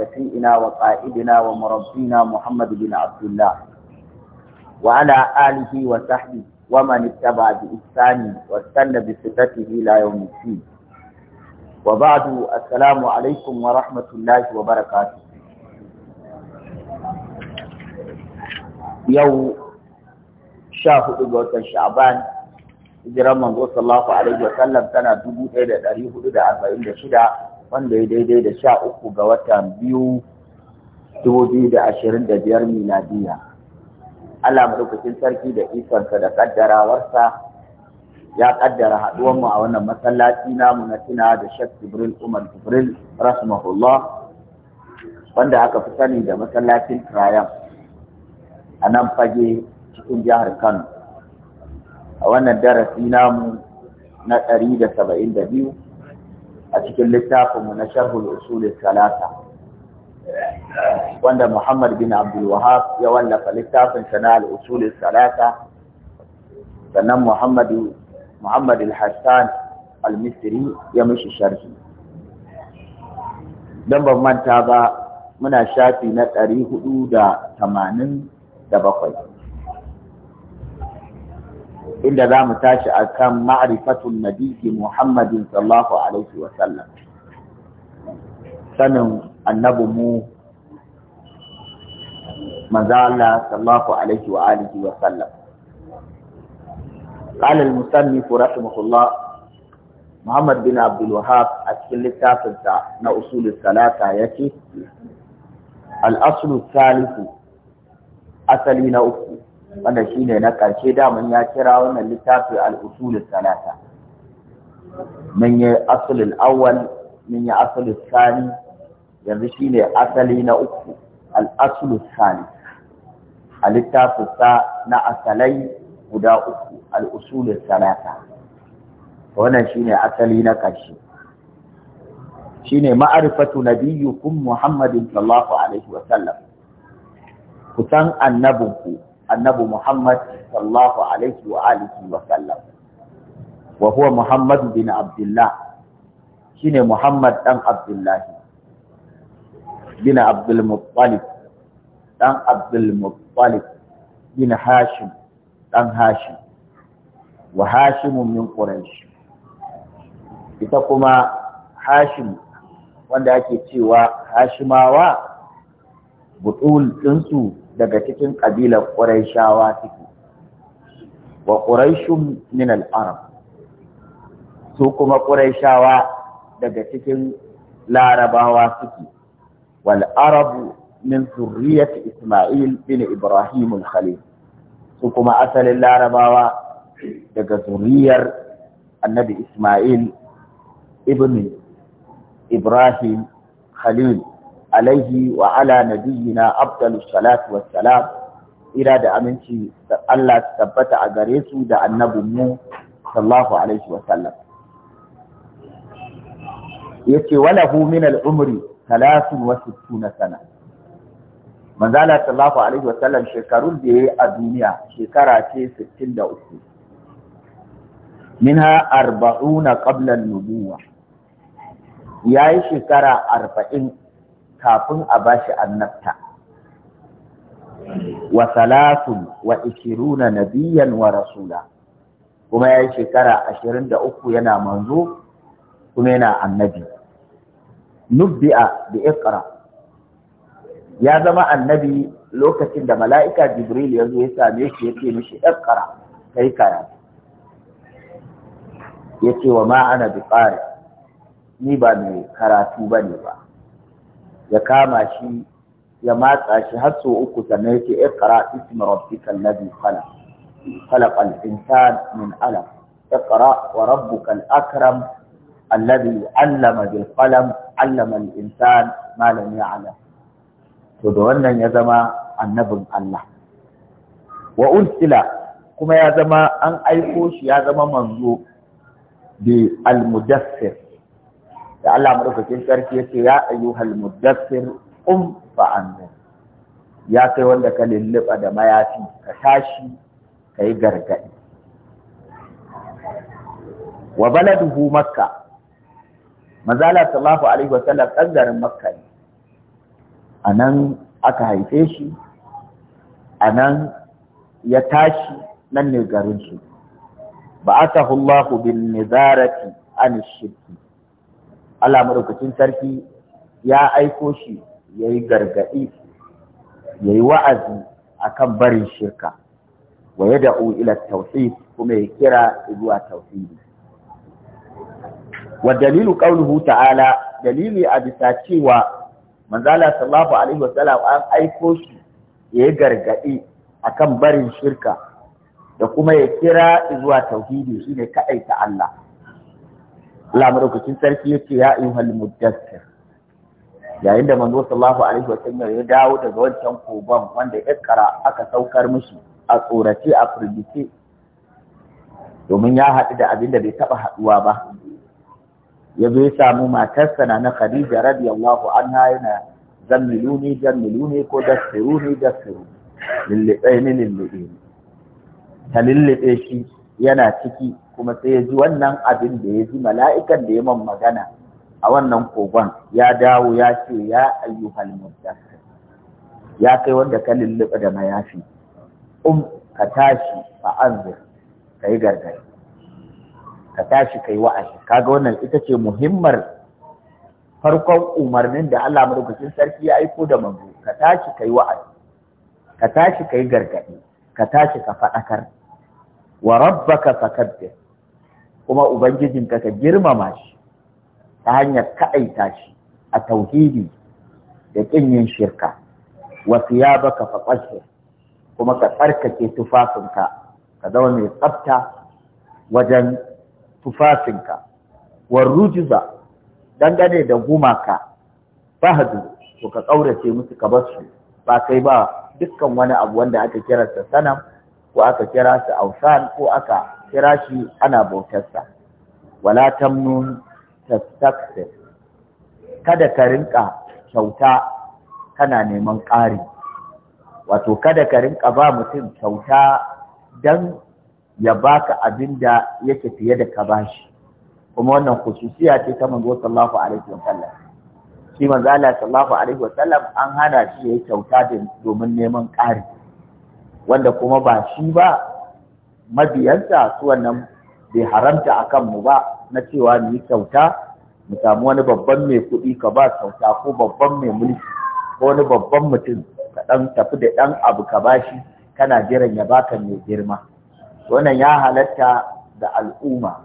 وشفيئنا وقائدنا ومربينا محمد بن عبد الله وعلى آله وصحبه ومن اتبع بإحسان واستنى بصفته إلى يوم الدين وبعد السلام عليكم ورحمة الله وبركاته يوم شاه قوة شعبان hijiran manzo صلى الله عليه وسلم tana dubu ɗaya da ɗari أربعين شدة wanda ya daidai da sha uku ga watan biyu dubu biyu da ashirin da biyar miladiya Allah madaukakin sarki da ikonsa da kaddarawarsa ya kaddara haɗuwanmu a wannan masallaci namu na tuna da Sheikh Jibril Umar Jibril rahimahullah wanda aka fi sani da masallacin Trayam a nan fage cikin jihar Kano a wannan darasi namu na ɗari da saba'in da biyu a cikin littafinmu na sharhul usulul talata wanda Muhammad bin Abdul ya wallafa littafin sana al-usulul talata sannan Muhammad Muhammad al-Hassan al-Misri ya mishi sharhi dan ban manta ba muna shafi na 487 inda za mu tashi a kan ma'arifatun nabiyyi Muhammadin sallallahu Alaihi wasallam. Sanin annabu mu Allah sallallahu Alaihi wa alihi wasallam. قال المصنف رحمه الله محمد بن عبد الوهاب أشكل للتافل نأصول الثلاثة يكي الأصل الثالث أصلي نأكو wanda shi ne na ƙarshe daman ya kira wannan littafi al'usulun talata min yi asalin awwal min yi asalin sani yanzu shi ne asali na uku al'asulul sani a littafinsa na asalai guda uku al'usulun talata wannan shi ne asali na ƙarshe shi ne ma'arifatu nabiyyukum muhammadin sallallahu alaihi wasallam ku san annabinku annabi Muhammad sallallahu alaihi wa alihi wa sallam wa huwa Muhammad bin Abdullah shine Muhammad dan Abdullah bin Abdul Muttalib dan Abdul Muttalib bin Hashim dan Hashim wa Hashim min Quraysh ita kuma Hashim wanda ake cewa Hashimawa butul ɗinsu daga cikin ƙabilar ƙuraishawa suke wa ƙuraishun min al-Arab. su kuma ƙuraishawa daga cikin larabawa suke wal arabu min zurriyat isma'il bin ibrahim al-khalil su kuma asalin larabawa daga zuriyar annabi isma'il ibn ibrahim khalil alaihi wa ala nabiyyina afdalus salatu ira da aminci da Allah tabbata a gare su da annabin mu sallallahu alaihi wa sallam yace wala hu min al-umri 63 sana manzala sallallahu alaihi wa sallam shekarun da a duniya shekara ce 63 minha 40 qabla an yayi shekara arba'in. kafin a bashi annabta wa salatun wa ishiruna nabiyan wa rasula kuma ya yi shekara ashirin da uku yana manzo kuma yana annabi nubbi'a da iqra ya zama annabi lokacin da mala'ika jibril ya zo ya same shi ya ce mishi iqra kai kara ya ce wa ma'ana ana bi ni ba mai karatu ba ne ba ya kama shi ya matsa shi har sau uku sannan yake ya kara ismi rabbi kallabi kala kalakal insan min ala ya kara wa rabbu akram allabi allama bil kalam allama malami ala to da wannan ya zama annabin Allah wa ursila kuma ya zama an aiko shi ya zama manzo bi al da Allah madaukakin sarki yace ya ayyuhal muddassir um fa anzir ya kai wanda ka lulluɓa da mayafi ka tashi ka yi gargadi. wa baladuhu makka mazala sallallahu alaihi wa sallam garin makka ne a nan aka haife shi a nan ya tashi nan ne garinsu ba aka hullahu bin nizarati an shirki Allah madaukakin sarki ya aiko shi ya yi gargaɗi ya yi wa'azi a kan barin shirka wa ya da'u ila tauhid kuma ya kira zuwa tauhidi wa dalilu qauluhu ta'ala dalili a bisa cewa manzala sallahu alaihi wa sallam an aiko shi ya yi gargaɗi akan barin shirka da kuma ya kira zuwa tauhidi shine ta Allah lamarokacin sarki yake ya ayyuhal muddassir yayin da manzo sallallahu alaihi wa sallam ya dawo daga wancan koban wanda ya kara aka saukar mishi a tsorace a firgice domin ya haɗu da abin da bai taɓa haɗuwa ba ya zo ya samu matarsa na na Khadija radiyallahu anha yana zammiluni zammiluni ko dassiruni dassiruni lilliɓe ne lilliɓe ta lilliɓe shi yana ciki kuma sai ya ji wannan abin da ya ji mala'ikan da ya man magana a wannan kogon ya dawo ya ce ya ayyuhal muddassir ya kai wanda ka lulluɓa da mayafi um ka tashi a anzir ka yi gargari ka tashi ka yi wa'ashi kaga wannan ita ce muhimmar farkon umarnin da Allah madaukakin sarki ya aiko da manzo ka tashi ka yi wa'azi, ka tashi ka yi gargadi ka tashi ka faɗakar wa rabbaka fakabbir kuma ubangijin ka ka girmama shi ta hanyar ka'aita shi a tauhidi da ƙin yin shirka wa baka fatahhir kuma ka tsarkake tufafinka ka zama mai tsafta wajen tufafinka wa rujiza dangane da gumaka fahadu to ka ƙaurace musu ka bar su ba kai ba dukkan wani abu wanda aka kira sa sanam ko aka kira shi ausan ko aka kira shi ana bautarsa wala tamnun tastakse kada ka rinka kyauta kana neman ƙari wato kada ka rinka ba mutum kyauta dan ya baka abin da yake fiye da ka bashi kuma wannan khususiya ce ta manzo sallallahu alaihi wa sallam shi manzo sallallahu alaihi wa sallam an hana shi yayi kyauta domin neman ƙari wanda kuma ba shi ba mabiyanta su wannan bai haramta a kanmu ba na cewa mu yi kyauta mu samu wani babban mai kuɗi ka ba kyauta ko babban mai mulki ko wani babban mutum ka ɗan tafi da ɗan abu ka ba shi kana jiran ya baka mai girma wannan ya halatta da al'umma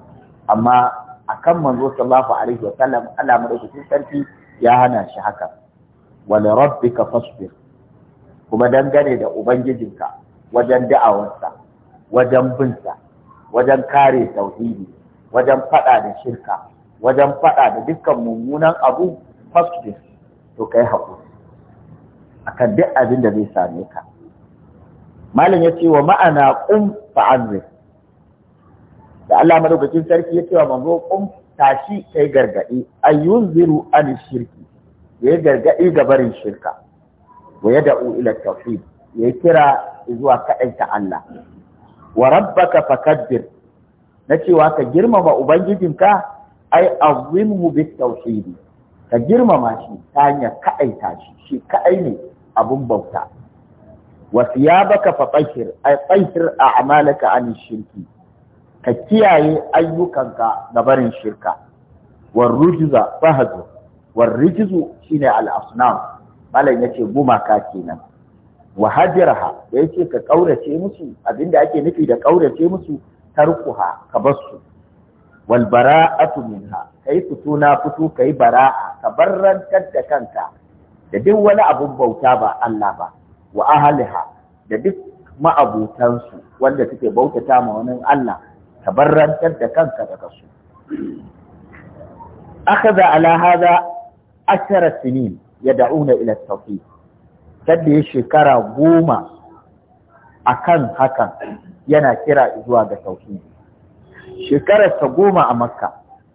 amma a kan manzo sallallahu alaihi wa sallam Allah madaukakin sarki ya hana shi haka wala rabbika fasbir kuma dangane da ubangijinka wajen da'awarsa wajen binsa wajen kare tauhidi wajen faɗa da shirka wajen faɗa da dukkan mummunan abu fasfis, to kai haƙuri akan duk abin da zai same ka malam ya ce wa ma'ana qum fa'anzir da Allah madaukakin sarki ya ce wa manzo qum tashi kai gargadi ayyunziru an shirki yayi gargadi ga barin shirka wa yad'u ila tauhid yayi kira zuwa kaɗaita Allah wa rabbaka fakabbir na cewa ka girmama ubangijinka ai azimhu bit tauhidi ka girmama shi ta hanyar kaɗaita shi shi kaɗai ne abun bauta wa siyabaka fa tahir ai a a'malaka an shirki ka kiyaye ayyukanka ga barin shirka war rujza fahadu war rijzu shine al asnam malam yace gumaka kenan wa hajiraha ya ce ka ƙaurace musu abinda ake nufi da ƙaurace musu tarkuha ka basu wal bara'atu minha kai fito na fito kai bara'a ka barrantar da kanka da duk wani abun bauta ba Allah ba wa ahliha da duk su wanda suke bautata ma wani Allah ka barrantar da kanka daga su akhadha ala hadha ashara sinin yad'una ila at-tawhid sadda ya shekara goma a kan hakan yana kira zuwa ga tauhidi shekararsa goma a makka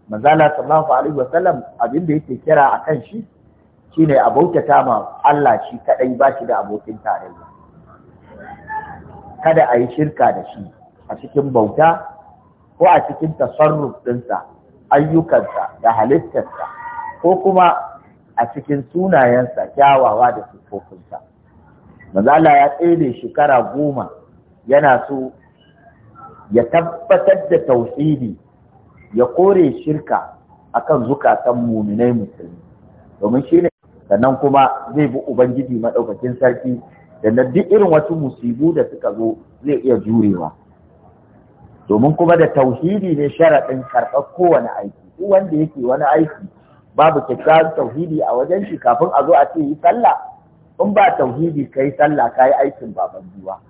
manzala sallallahu alaihi wasallam abin da yake kira a kan shi shine a bautata ma Allah shi kadai ba shi da abokin tarayya kada a yi shirka da shi a cikin bauta ko a cikin tasarruf ɗinsa ayyukansa da halittarsa ko kuma a cikin sunayensa kyawawa da siffofinsa Mazala ya tsere shekara goma yana so ya tabbatar da tauhidi ya kore shirka akan zukatan muminai musulmi domin shi ne sannan kuma zai bi ubangiji maɗaukakin sarki da na duk irin wasu musibu da suka zo zai iya jurewa domin kuma da tauhidi ne sharaɗin karɓar kowane aiki duk wanda yake wani aiki babu kyakkyawan tauhidi a wajen shi kafin a zo a ce yi sallah in ba tauhidi kai sallah kai aikin baban giwa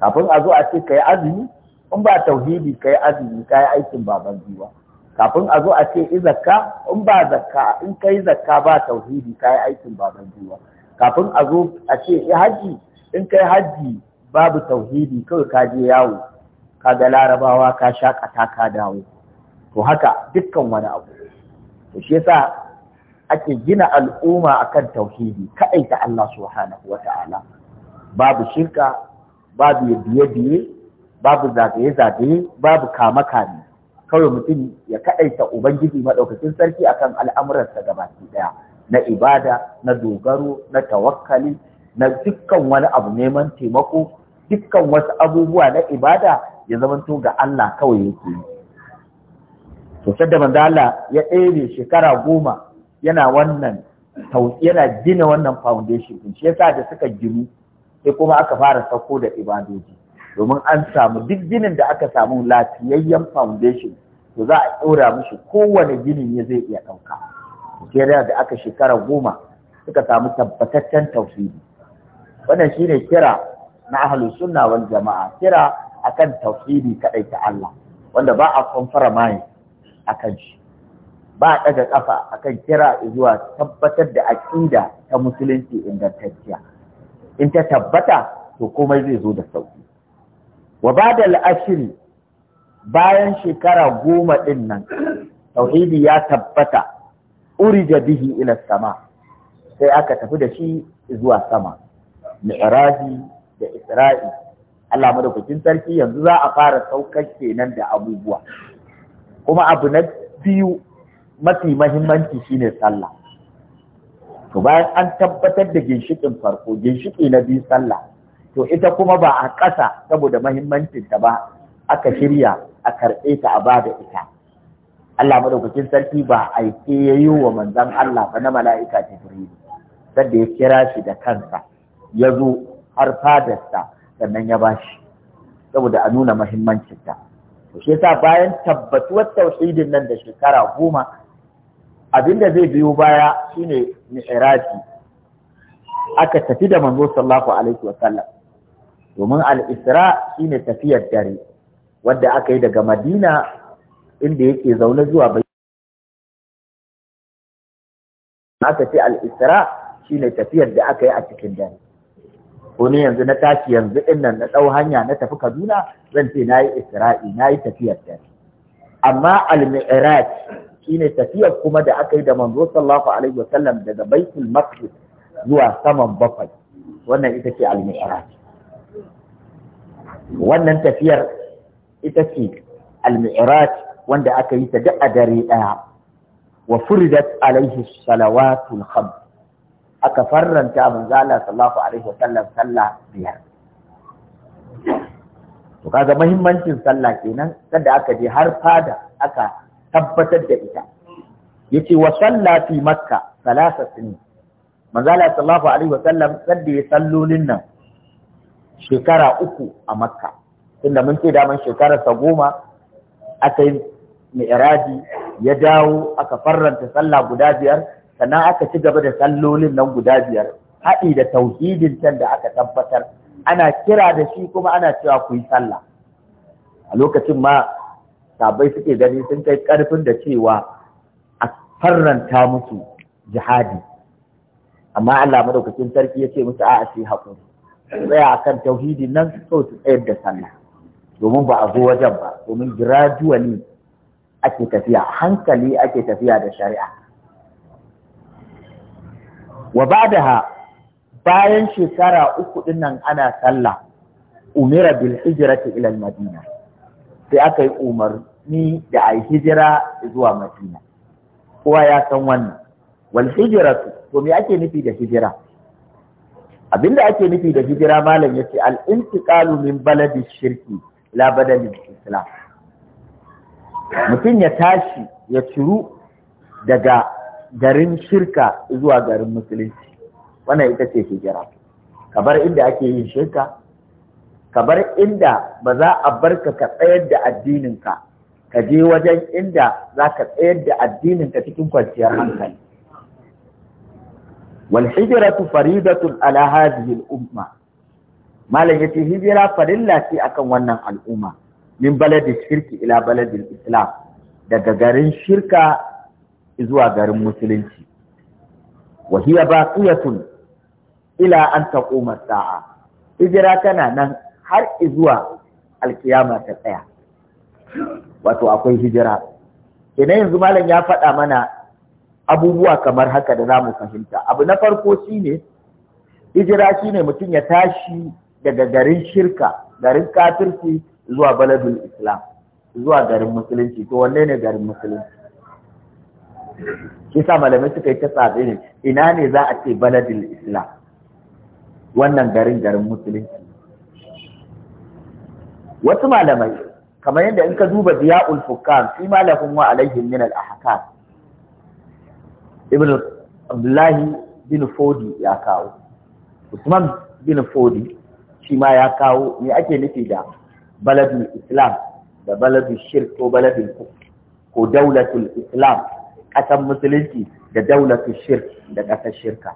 kafin a zo a ce kai azumi in ba tauhidi kai azumi kai aikin baban giwa kafin a zo a ce yi zakka in ba zakka in kai zakka ba tauhidi kai aikin baban giwa kafin a zo a ce yi haji in kai haji babu tauhidi kawai ka je yawo ka ga larabawa ka shakata ka dawo to haka dukkan wani abu shi yasa ake gina al'umma akan tauhidi kai ta Allah subhanahu wata'ala babu shirka babu biye-biye babu zagaye-zagaye babu kama-kame kawai mutum ya kaɗaita ubangiji maɗaukacin sarki akan al'amuransa baki ɗaya na ibada na dogaro na tawakkali na dukkan wani abu neman taimako dukkan wasu abubuwa na ibada ya zamanto ga Allah kawai yake yi to sadda manzo Allah ya ɗebe shekara goma yana wannan yana gina wannan foundation din shi yasa da suka gini, sai kuma aka fara sauko da ibadoji domin an samu duk ginin da aka samu lafiyayyen foundation to za a ɗora mushi kowane ginin ya zai iya ɗauka Najeriya da aka shekara goma suka samu tabbataccen tauhidi wannan shine kira na ahlus sunna wal jama'a kira akan tauhidi kadai ta Allah wanda ba a kwamfara mai akan shi ba daga kafa akan kira zuwa tabbatar da aqida ta musulunci ingantacciya in ta tabbata to komai zai zo da sauki wa bada bayan shekara goma din nan tauhidi ya tabbata urija bihi ila sama sai aka tafi da shi zuwa sama mi'raji da isra'i Allah madaukakin sarki yanzu za a fara saukar kenan da abubuwa kuma abu na biyu mafi mahimmanci shine sallah to bayan an tabbatar da ginshikin farko ginshiki na biyu sallah to ita kuma ba a ƙasa saboda mahimmancin ta ba aka shirya a karɓe ta a bada ita Allah madaukakin sarki ba aike ya yi wa manzon Allah ba na mala'ika ta Jibrilu sanda ya kira shi da kansa ya zo har fadarsa sannan ya bashi saboda a nuna mahimmancin ta to shi yasa bayan tabbatuwar tauhidin nan da shekara goma abinda zai biyo baya shine mi'raji aka tafi da manzo sallallahu alaihi wa sallam domin al-isra shine tafiyar dare wanda aka yi daga madina inda yake zaune zuwa bai aka ce al-isra shine tafiyar da aka yi a cikin dare ko ne yanzu na tashi yanzu din nan na ɗau hanya na tafi Kaduna zan ce na yi Isra'i na yi tafiyar da amma al-mi'raj shine tafiyar kuma da aka yi da manzo sallallahu alaihi wasallam daga Baitul Maqdis zuwa saman bakwai wannan ita ce al-mi'raj wannan tafiyar ita ce al-mi'raj wanda aka yi ta da dare ɗaya wa furidat alaihi salawatul khams aka farranta manzala sallallahu alaihi wasallam sallah biyar to kaga muhimmancin sallah kenan sada aka je har fada aka tabbatar da ita yace wa salla fi makka salasa sinin manzala sallallahu alaihi wasallam sadda ya sallolin nan shekara uku a makka tunda mun ce daman shekararsa goma aka yi mi'raji ya dawo aka farranta sallah guda biyar sannan aka ci gaba da sallolin nan guda biyar haɗi da tauhidin can da aka tabbatar ana kira da shi kuma ana cewa ku yi sallah a lokacin ma sabai suke gani sun kai ƙarfin da cewa a farranta musu jihadi amma Allah madaukakin sarki ya ce musu a'a shi haƙuri tsaya akan tauhidin nan so su tsayar da sallah domin ba a zo wajen ba domin gradually ake tafiya hankali ake tafiya da shari'a wa ba'daha bayan shekara uku din nan ana sallah umira bil hijrati ila madina sai aka yi umarni da a hijira zuwa madina kowa ya san wannan wal hijratu to me ake nufi da hijira abinda ake nufi da hijira malam yace al intiqalu min baladi shirki la badalin islam mutum ya tashi ya ciru daga garin shirka zuwa garin musulunci wannan ita ce hijira ka inda ake yin shirka ka inda ba za a barka ka tsayar da addininka ka je wajen inda za ka tsayar da addininka cikin kwanciyar hankali wal hijratu faridatun ala hadhihi al umma malam yace hijira farilla ce akan wannan al'umma min baladi shirki ila baladil islam daga garin shirka zuwa garin musulunci wa hiya baqiyatun ila an taquma sa'a hijira tana nan har zuwa alkiyama ta tsaya wato akwai hijira idan yanzu malam ya faɗa mana abubuwa kamar haka da zamu fahimta abu na farko shine hijira shine mutum ya tashi daga garin shirka garin kafirci zuwa baladul islam zuwa garin musulunci to wanne ne garin musulunci kisa malamai suka yi ta tsatsi ne ina ne za a ce baladil islam wannan garin garin musulunci wasu malamai kamar yadda in ka duba biya fukkan fi malahum wa alaihim min al ahkam ibn abdullahi bin fodi ya kawo usman bin fodi shi ma ya kawo me ake nufi da baladul islam da baladul shirk ko baladul ko daulatul islam ƙasar musulunci da daulatu shirk da ƙasar shirka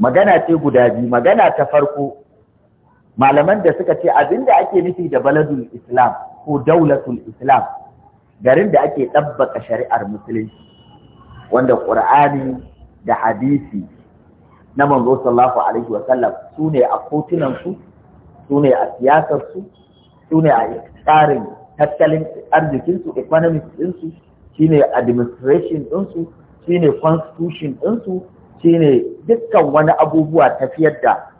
magana ce guda biyu magana ta farko malaman da suka ce abinda ake nufi da baladul islam ko daulatul islam garin da ake ɗabbaka shari'ar musulunci wanda ƙur'ani da hadisi na manzo sallallahu alaihi wa sallam su ne a kotunansu, su ne a siyasarsu, su ne a tsarin tattalin arzikinsu, su economics shine administration ɗinsu shine constitution ɗinsu shine dukkan wani abubuwa tafiyar da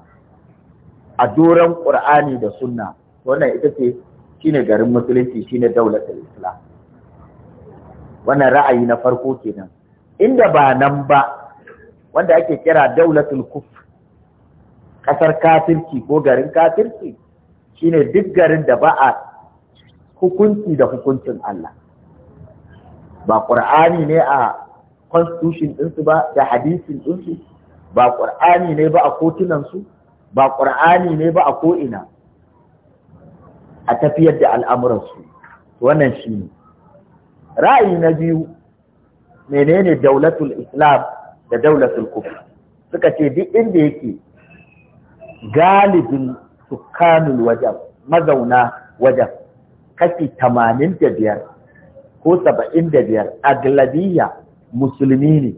a doron ƙur'ani da sunna wannan ita ce shine garin musulunci shine daular islam wannan ra'ayi na farko kenan inda ba nan ba wanda ake kira daulatul kuf kasar kafirci ko garin kafirci shine duk garin da ba a hukunci da hukuncin Allah ba ƙur'ani ne a constitution ɗinsu ba da hadisin ɗinsu ba ƙur'ani ne ba a kotunansu ba ƙur'ani ne ba a ko'ina a tafiyar da al'amuransu wannan shi ne ra'ayi na biyu menene daulatul islam da daulatul kufr suka ce duk inda yake galibin sukanul wajen mazauna wajen kashi tamanin da biyar ko saba'in da biyar aglabiya musulmi ne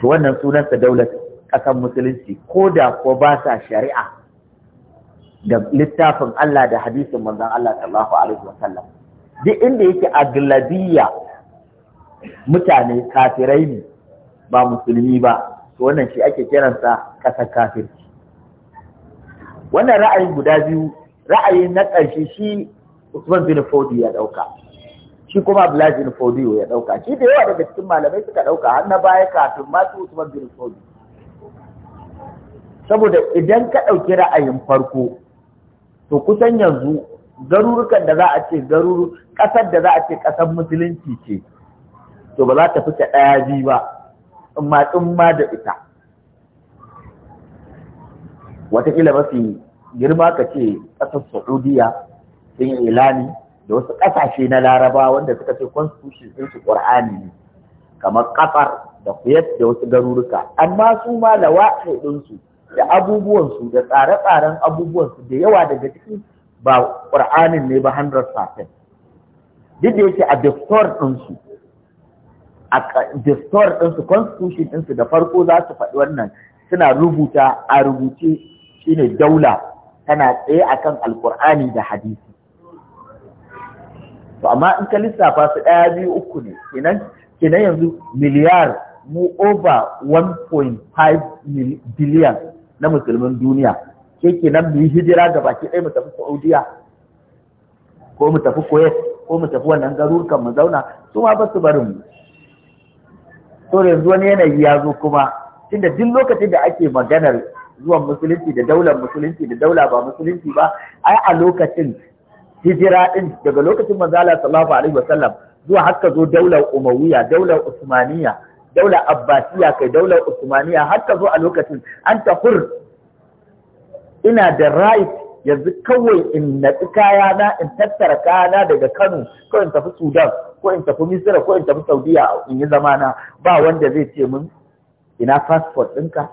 to wannan sunansa daular ƙasar musulunci ko da ko ba sa shari'a da littafin Allah da hadisin manzan Allah sallallahu alaihi sallam. duk inda yake aglabiya mutane kafirai ne ba musulmi ba to wannan shi ake kiransa ƙasar kafirci wannan ra'ayin guda biyu ra'ayi na ƙarshe shi Usman bin Fodi ya ɗauka shi kuma Abdullahi bin ya ɗauka shi da yawa daga cikin malamai suka ɗauka har na baya kafin masu Usman bin Fodiyo saboda idan ka ɗauki ra'ayin farko to kusan yanzu garurukan da za a ce garuru ƙasar da za a ce ƙasar musulunci ce to ba za ta fita ɗaya biyu ba ma ma da ita wataƙila mafi girma ka ce ƙasar Saudiya sun yi ilani da wasu ƙasashe na laraba wanda suka ce constitution sun su ƙur'ani ne kamar ƙafar da kuyat da wasu garuruka amma su ma lawaɗe ɗinsu da abubuwansu da tsare-tsaren abubuwansu da yawa daga cikin ba ƙur'anin ne ba 100% duk da yake a diktor ɗinsu a diktor ɗinsu constitution ɗinsu da farko za su faɗi wannan suna rubuta a rubuce shine daula tana tsaye akan alƙur'ani da hadisi to amma in ka lissafa su ɗaya biyu uku ne kenan kenan yanzu miliyar mu over 1.5 billion na musulmin duniya ke kenan mu yi hijira ga baki ɗaya mu tafi Saudiya ko mu tafi Kuwait ko mu tafi wannan garurukan mu zauna su ma ba su barin mu to yanzu wani yanayi ya zo kuma tunda duk lokacin da ake maganar zuwan musulunci da daular musulunci da daula ba musulunci ba ai a lokacin hijira din daga lokacin manzo Allah sallallahu alaihi wasallam zuwa har ka zo daular umayya daular usmaniya daular abbasiya kai daular usmaniya har ka zo a lokacin an ta hur ina da right yanzu kawai in natsi kayana in tattara kayana daga Kano ko in tafi Sudan ko in tafi Misira ko in tafi Saudiya in yi zamana ba wanda zai ce min ina passport ɗinka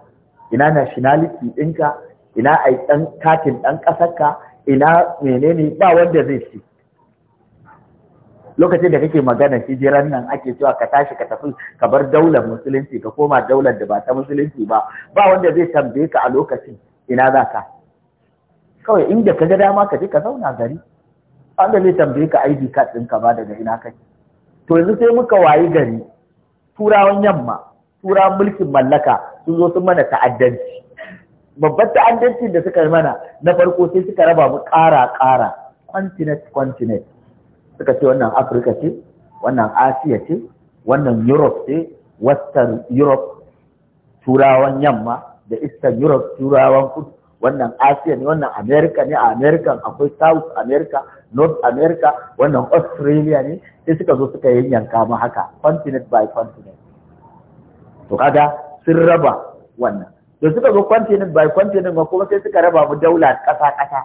ina nationality ɗinka ina ai ɗan katin ɗan ƙasarka ina menene ba wanda zai ce lokacin da kake magana hijiran nan ake cewa ka tashi ka tafi ka bar daular musulunci ka koma daular da ba ta musulunci ba ba wanda zai tambaye ka a lokacin ina za ka kawai inda ka ga dama ka je ka zauna gari wanda zai tambaye ka ID card ɗinka ba daga ina kake to yanzu sai muka wayi gari turawan yamma turawan mulkin mallaka sun zo sun mana ta'addanci babbar ta'addancin da suka yi mana na farko sai suka raba mu ƙara ƙara continent continent suka ce wannan Afirka ce wannan Asiya ce wannan Europe ce Western Europe turawan yamma da Eastern Europe turawan kudu wannan Asiya ne wannan America ne a America akwai South America North America wannan Australia ne sai suka zo suka yanka mu haka continent by continent to kaga sun raba wannan da suka zo kwantinin bai kwantinin ba kuma sai suka raba mu daula ƙasa-ƙasa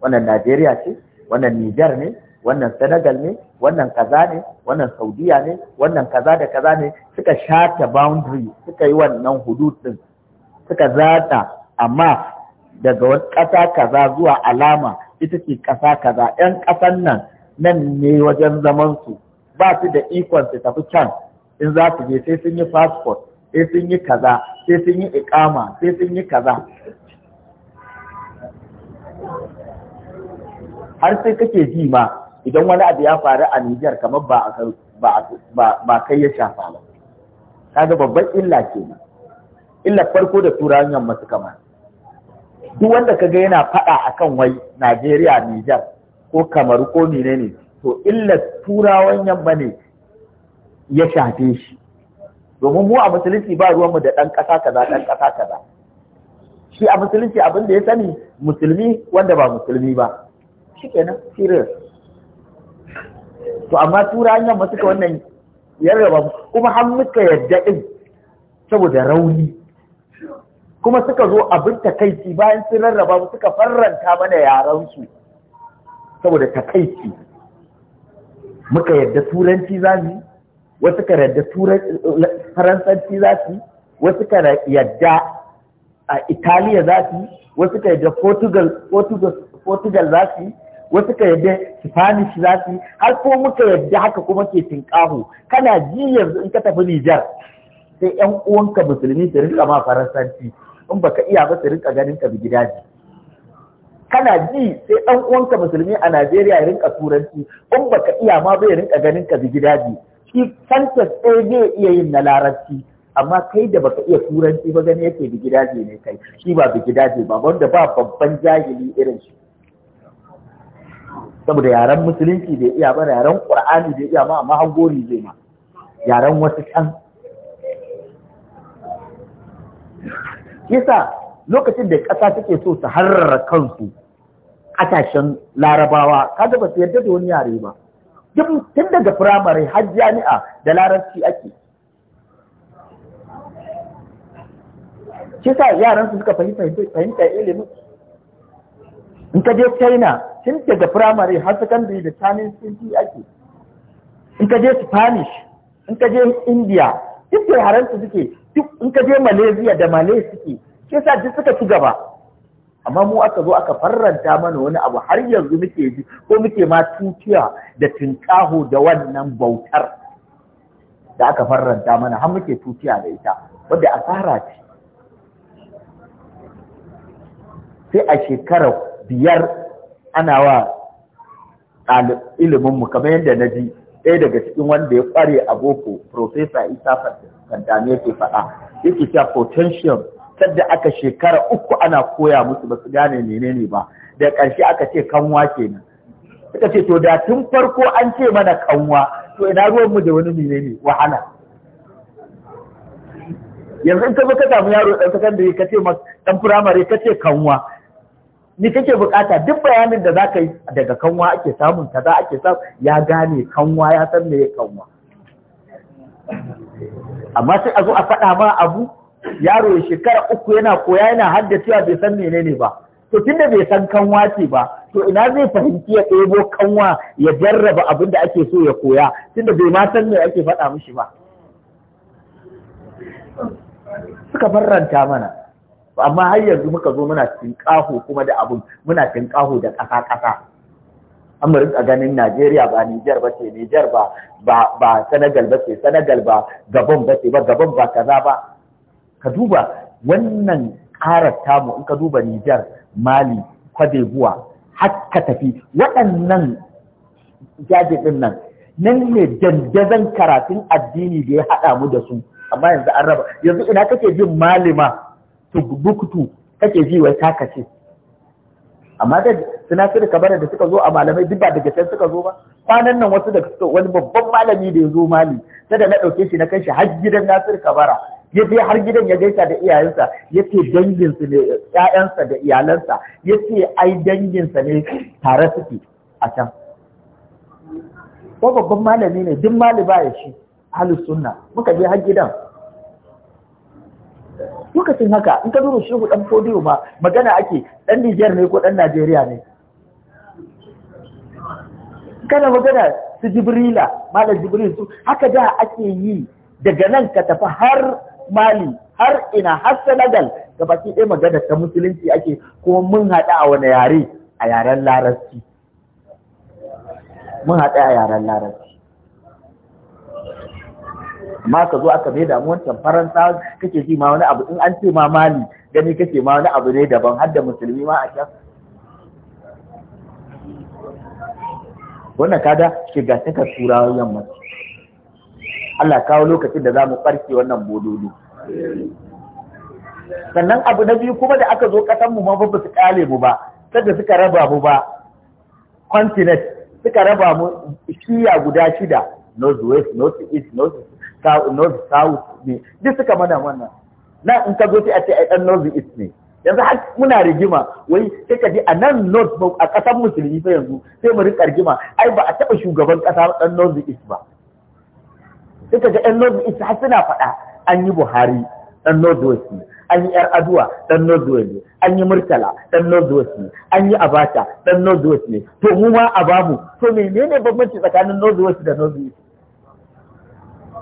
wannan Najeriya ce wannan Niger ne wannan Senegal ne wannan kaza ne wannan Saudiya ne wannan kaza da kaza ne suka shata boundary suka yi wannan hudud din suka zata amma daga wani ƙasa kaza zuwa alama ita ce ƙasa kaza ƴan ƙasan nan nan ne wajen zaman su ba su da ikon su tafi can in za su je sai sun yi passport sai sun yi kaza sai sun yi ikama sai sun yi kaza har sai kake ji ma idan wani abu ya faru a Nijar kamar ba ba kai ya shafa ba kaga babban illa kenan illa farko da turawan yamma suka ma duk wanda kaga yana faɗa akan wai Najeriya Nijar ko Kamaru ko menene to illa turawan yamma ne ya shafe shi domin mu a musulunci ba ruwanmu da ɗan ƙasa kaza ɗan ƙasa kaza shi a musulunci abin da ya sani musulmi wanda ba musulmi ba shi kenan serious to amma turan yamma suka wannan yarraba kuma har muka yadda din saboda rauni kuma suka zo abin takaici bayan sun rarraba mu suka farranta mana yaran su saboda takaici muka yadda turanci zamu wasu ka yarda faransanci za su wasu ka yarda a italiya za su wasu ka yarda portugal portugal za su wasu ka yarda spanish za su har ko muka yarda haka kuma ke tinkahu kana ji yanzu in ka tafi nijar sai yan uwanka musulmi su rinka ma faransanci in baka iya ba su rinka ganin ka bi gidaje kana ji sai ɗan uwanka musulmi a Najeriya ya rinka turanci in baka iya ma bai rinka ganin ka bi gidaje shi santa ɗaya zai iya yin na larabci amma kai da baka iya turanci ba gani yake bigidaje ne kai shi ba bigidaje ba wanda ba babban jahili irin shi saboda yaren musulunci bai iya ba yaren qur'ani bai iya ba amma hangori zai ma yaren wasu can yasa lokacin da ƙasa suke so su harrara kansu ƙasashen larabawa kaga ba su yarda da wani yare ba duk tun daga firamare har jami'a da larabci ake Kisa sa yaran su suka fahimta ilimin in ka je china tun daga firamare har secondary da chinese sun ake in ka je spanish in ka je india duk da yaran su suke duk in ka je malaysia da Malaysia suke kisa sa duk suka ci gaba amma mu aka zo aka farranta mana wani abu har yanzu muke ji ko muke ma tutiya da tinkaho da wannan bautar da aka farranta mana har muke tutiya da ita wadda asara ce sai a shekara biyar ana wa mu kamar yadda na ji ɗaya daga cikin wanda ya kware a boko Profesa Isa ne yake faɗa yake cewa potential sadda aka shekara uku ana koya musu ba su gane menene ba da ƙarshe aka ce kanwa kenan suka ce to da tun farko an ce mana kanwa to ina ruwan da wani menene wahala yanzu in ka zo ka yaro ɗan sakandare ka ce ɗan firamare ka ce kanwa ni kake bukata duk bayanin da zaka yi daga kanwa ake samun kaza ake samu ya gane kanwa ya san me kanwa amma sai a zo a faɗa ma abu yaro ya shekara uku yana koya yana haddacewa bai san menene ba to tunda bai san kanwa ce ba to ina zai fahimci ya ɗebo kanwa ya jarraba abin da ake so ya koya tunda bai ma san me ake faɗa mishi ba suka farranta mana amma har yanzu muka zo muna ƙaho kuma da abun muna ƙaho da ƙasa ƙasa amurin a ganin najeriya ba nijar ba ce nijar ba ba senegal ba ce senegal ba gabon ba ce ba gabon ba kaza ba ka duba wannan ƙarar tamu in ka duba Nijar Mali Kwadebuwa, haka tafi waɗannan jajirin nan nan ne dandazon karatun addini da ya haɗa mu da su amma yanzu an raba yanzu ina kake jin malima bukutu kake ji wai taka ce amma da suna su da da suka zo a malamai duk ba daga can suka zo ba kwanan nan wasu da suka wani babban malami da ya zo mali sai da na ɗauke shi na kai shi har gidan nasir kabara ya je har gidan ya gaisa da iyayensa ya ce danginsa ne ƴaƴansa da iyalansa ya ce ai danginsa ne tare suke a can ko babban malami ne duk maliba ya shi ahlus sunna muka je har gidan lokacin haka in ka duba shehu dan fodiyo ma magana ake ɗan Nijar ne ko dan Najeriya ne kana magana su Jibrila malam Jibril su haka da ake yi daga nan ka tafi har Mali har ina har Senegal ga baki ɗaya magana ta musulunci ake kuma mun haɗa a wani yare a yaren larabci mun haɗa a yaren larabci amma ka zo aka mai damuwar can Faransa kake ji ma wani abu in an ce ma Mali gani kake ma wani abu ne daban har da musulmi ma a can wannan kada shiga takar rawar yamma Allah kawo lokacin da za mu ɓarke wannan bododo sannan abu na biyu kuma da aka zo mu ma ba su kale mu ba sadda suka raba mu ba continent suka raba mu shiya guda shida north west north east north south north south ne duk suka mana wannan na in ka zo sai a ce ai dan north east ne yanzu har muna rigima wai sai ka ji a nan north a ƙasar musulmi fa yanzu sai mu rika rigima ai ba a taɓa shugaban ƙasa dan north east ba suka ka ga ɗan north isa suna faɗa an yi buhari ɗan north west an yi yar aduwa ɗan north west an yi murtala ɗan north west an yi abacha ɗan north west ne to mu ma a babu to menene bambanci tsakanin north west da north east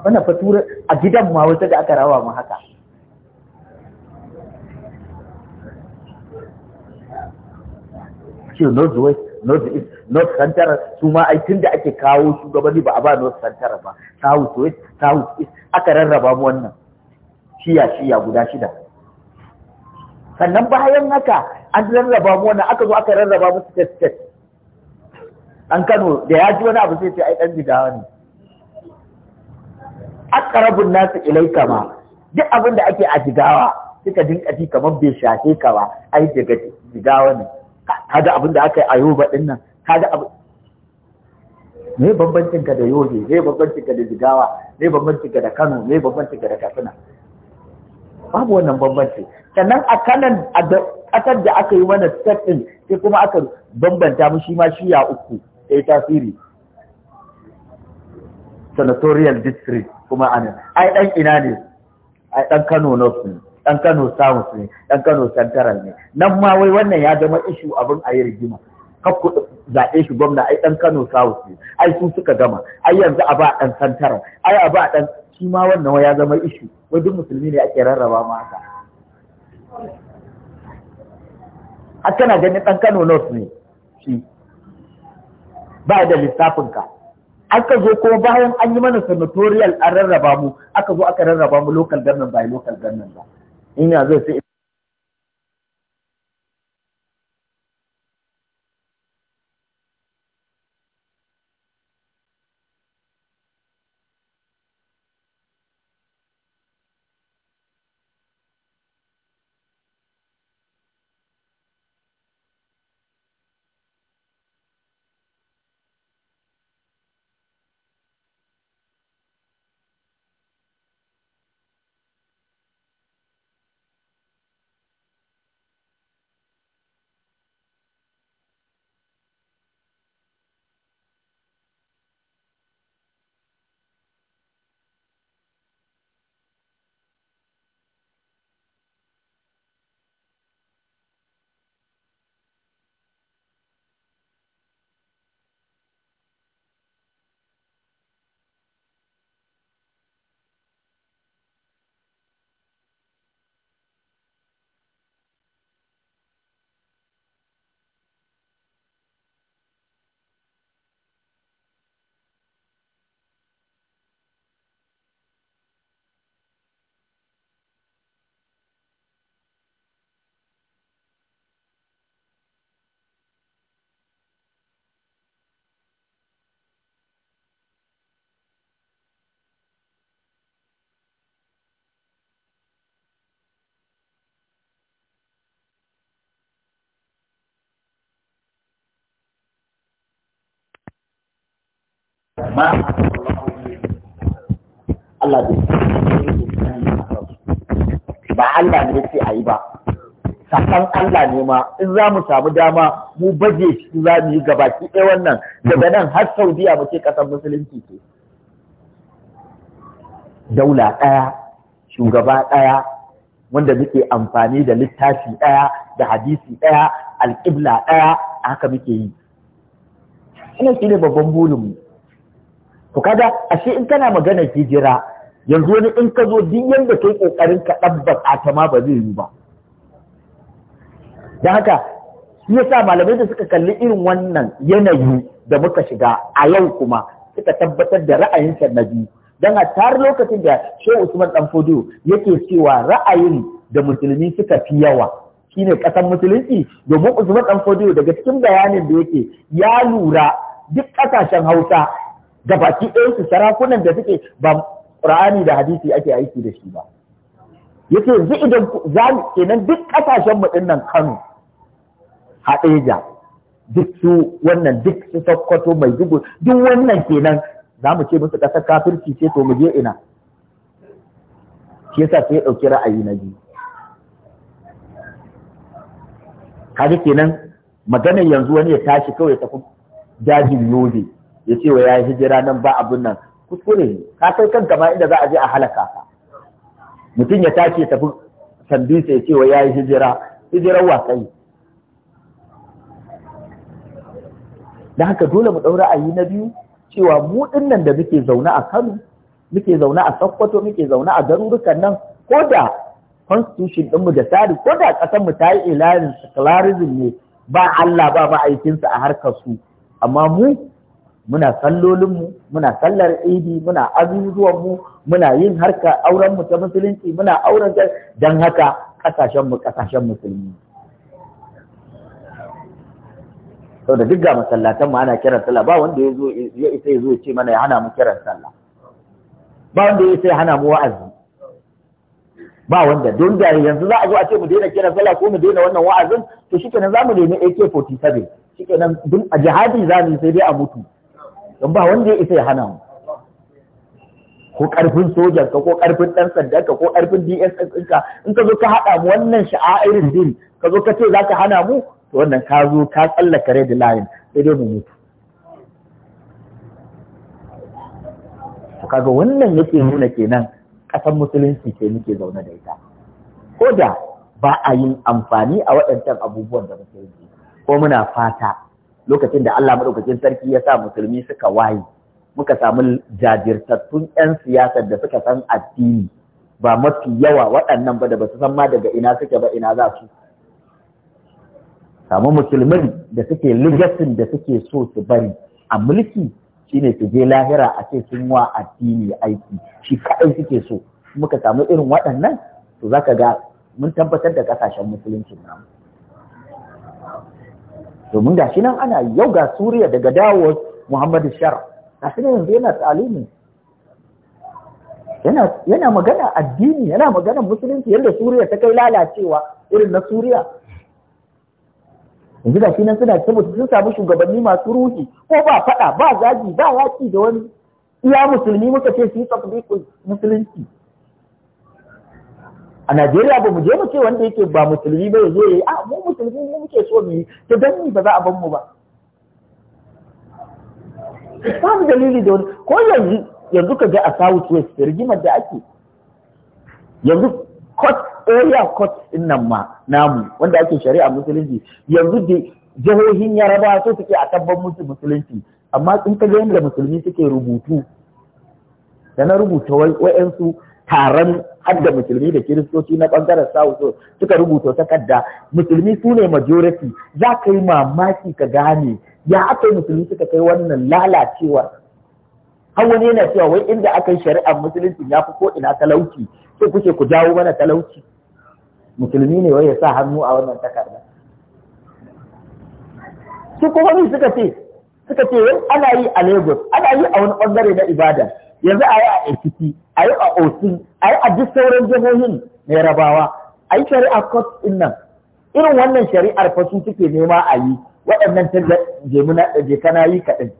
fa fatura a gidan ma wata da aka rawa mu haka ce north west north east north central su ma ai da ake kawo shugabanni ba a ba north central ba south west south east aka rarraba mu wannan shiya shiya guda shida sannan bayan haka an rarraba mu wannan aka zo aka rarraba mu state state dan Kano da ya ji wani abu sai ce ai dan jigawa ne aqrabun nasu ilaika ma duk abin da ake a jigawa suka dinka ji kamar bai shafe ka ba ai daga jigawa ne kada abin da aka yi a ba din nan kaga abin me bambancin ka da yobe me bambancin ka da jigawa me bambancin ka da kano me bambancin ka da katsina babu wannan bambanci sannan a kanan a kasar da aka yi mana step sai kuma aka bambanta mu shi ma shi ya uku sai tasiri senatorial district kuma anan ai dan ina ne ai dan Kano North ne Ɗan Kano Samus ne Ɗan Kano Central ne nan ma wai wannan ya zama ishu abin a yi rigima kakku zaɓe shi gwamna ai ɗan Kano Samus ne ai su suka gama ai yanzu a ba ɗan Central ai a ba ɗan shi ma wannan ya zama ishu wai duk musulmi ne ake rarraba ma haka har kana ganin ɗan Kano North ne shi ba da lissafin ka aka zo kuma bayan an yi mana senatorial an rarraba mu aka zo aka rarraba mu local government by local government ba ina zai sai ba Allah ne ce a yi ba sakan Allah ne ma in za mu samu dama mu baje shi za mu yi gabaki ɗaya wannan daga nan har Saudiya muke ce ƙasar musulunci ce daula ɗaya shugaba ɗaya wanda muke amfani da littafi ɗaya da hadisi ɗaya alƙibla ɗaya haka muke yi ina shi ne babban burinmu to a ashe in kana magana hijira yanzu wani in ka zo duk yanda kai kokarin ka dabbaka ta ma ba zai yi ba dan haka shi yasa malamai da suka kalli irin wannan yanayi da muka shiga a yau kuma suka tabbatar da ra'ayin sannabi dan a tar lokacin da Shehu Usman Dan Fodio yake cewa ra'ayin da musulmi suka fi yawa shine kasan musulunci domin Usman Dan Fodio daga cikin bayanin da yake ya lura duk kasashen Hausa gabaki ɗaya su sarakunan da suke ba Qur'ani da hadisi ake aiki da shi ba yace yanzu idan za mu kenan duk kasashen mu dinnan Kano Hadeja duk su wannan duk su Sokoto mai dubu duk wannan kenan za mu ce musu ƙasar kafirci ce to mu je ina shi yasa sai ya ɗauki ra'ayi na biyu kaga kenan maganar yanzu wani ya tashi kawai ta daji Yobe. ya ce wa ya yi hijira nan ba abun nan kuskure ne ka kai kan gama inda za a je a halaka ka mutum ya tashi tafi sandisa ya ce wa ya yi hijira hijirar wakai da haka dole mu ɗaura ayi na biyu cewa mu nan da muke zaune a Kano muke zaune a Sokoto muke zaune a garurukan nan ko da constitution ɗinmu da tsari ko da ƙasar mu ta yi ilayin secularism ne ba Allah ba ma'aikinsa a harkar su amma mu muna sallolinmu muna sallar idi muna azuzuwanmu muna yin harka aurenmu ta musulunci muna auren don haka ƙasashenmu ƙasashen musulmi sau da duk masallatan mu ana kiran sallah ba wanda ya isa ya zo ce mana ya hana mu kiran sallah ba wanda ya isa ya hana mu wa'azi ba wanda don da yanzu za a zo a ce mu daina kiran sallah ko mu daina wannan wa'azin to shikenan za mu nemi AK47 shikenan duk a jihadi za mu sai dai a mutu don ba wanda ya isa ya hana mu ko karfin sojan ka ko karfin dan sanda ka ko karfin DSS ka in ka zo ka haɗa mu wannan sha'airin din ka zo ka ce za ka hana mu to wannan ka zo ka tsallaka red line sai dai mu mutu to kaga wannan yake nuna kenan ƙasar musulunci ce muke zaune da ita ko da ba a yin amfani a waɗancan abubuwan da muke yi ko muna fata lokacin da Allah madaukakin sarki ya sa musulmi suka waye muka samu jajirtattun 'yan siyasar da suka san addini ba mafi yawa waɗannan ba da ba su san ma daga ina suke ba ina za su samu musulmin da suke ligasin da suke so su bari a mulki shine su je lahira a ce sun wa addini aiki shi kaɗai suke so muka samu irin waɗannan to zaka ga mun tabbatar da ƙasashen musulunci namu domin gashi nan ana yau ga suriya daga dawowar muhammadu shara gashi yanzu yana talimi yana magana addini yana magana musulunci yadda suriya ta kai lalacewa irin na suriya yanzu shi nan suna ce sun samu shugabanni masu ruhi ko ba faɗa ba zagi ba yaki da wani iya musulmi muka ce su yi musulunci a Najeriya ba mu je mu ce wanda yake ba musulmi ba ya zo ya yi a ah, mu musulmi mu muke so mu yi to dan ni ba za a ban mu ba ba mu dalili da wani ko yanzu yanzu ka ga a South West rigimar da ake yanzu court area court din nan ma namu wanda ake shari'a musulunci yanzu da jihohin yaraba so suke a tabbar musu musulunci amma in ka ga yadda musulmi suke rubutu da na rubuta wa'yansu taron hadda musulmi da kiristoci na bangaren so suka rubuta takarda musulmi su ne majority za ka yi mamaki ka gane ya aka yi musulmi suka kai wannan lalacewar har wani yana cewa wai inda aka yi shari'ar musulunci ya fi ko'ina talauci sai kuke ku jawo mana talauci musulmi ne wai ya sa hannu a wannan takarda su kuma suka ce suka ce wai ana yi a lagos ana yi a wani bangare na ibada yanzu a yi a Ekiti a yi a Osun a yi a duk sauran jihohin mai rabawa a yi shari'a court din nan irin wannan shari'ar fa su suke nema a yi waɗannan ta jemuna je kana yi kaɗin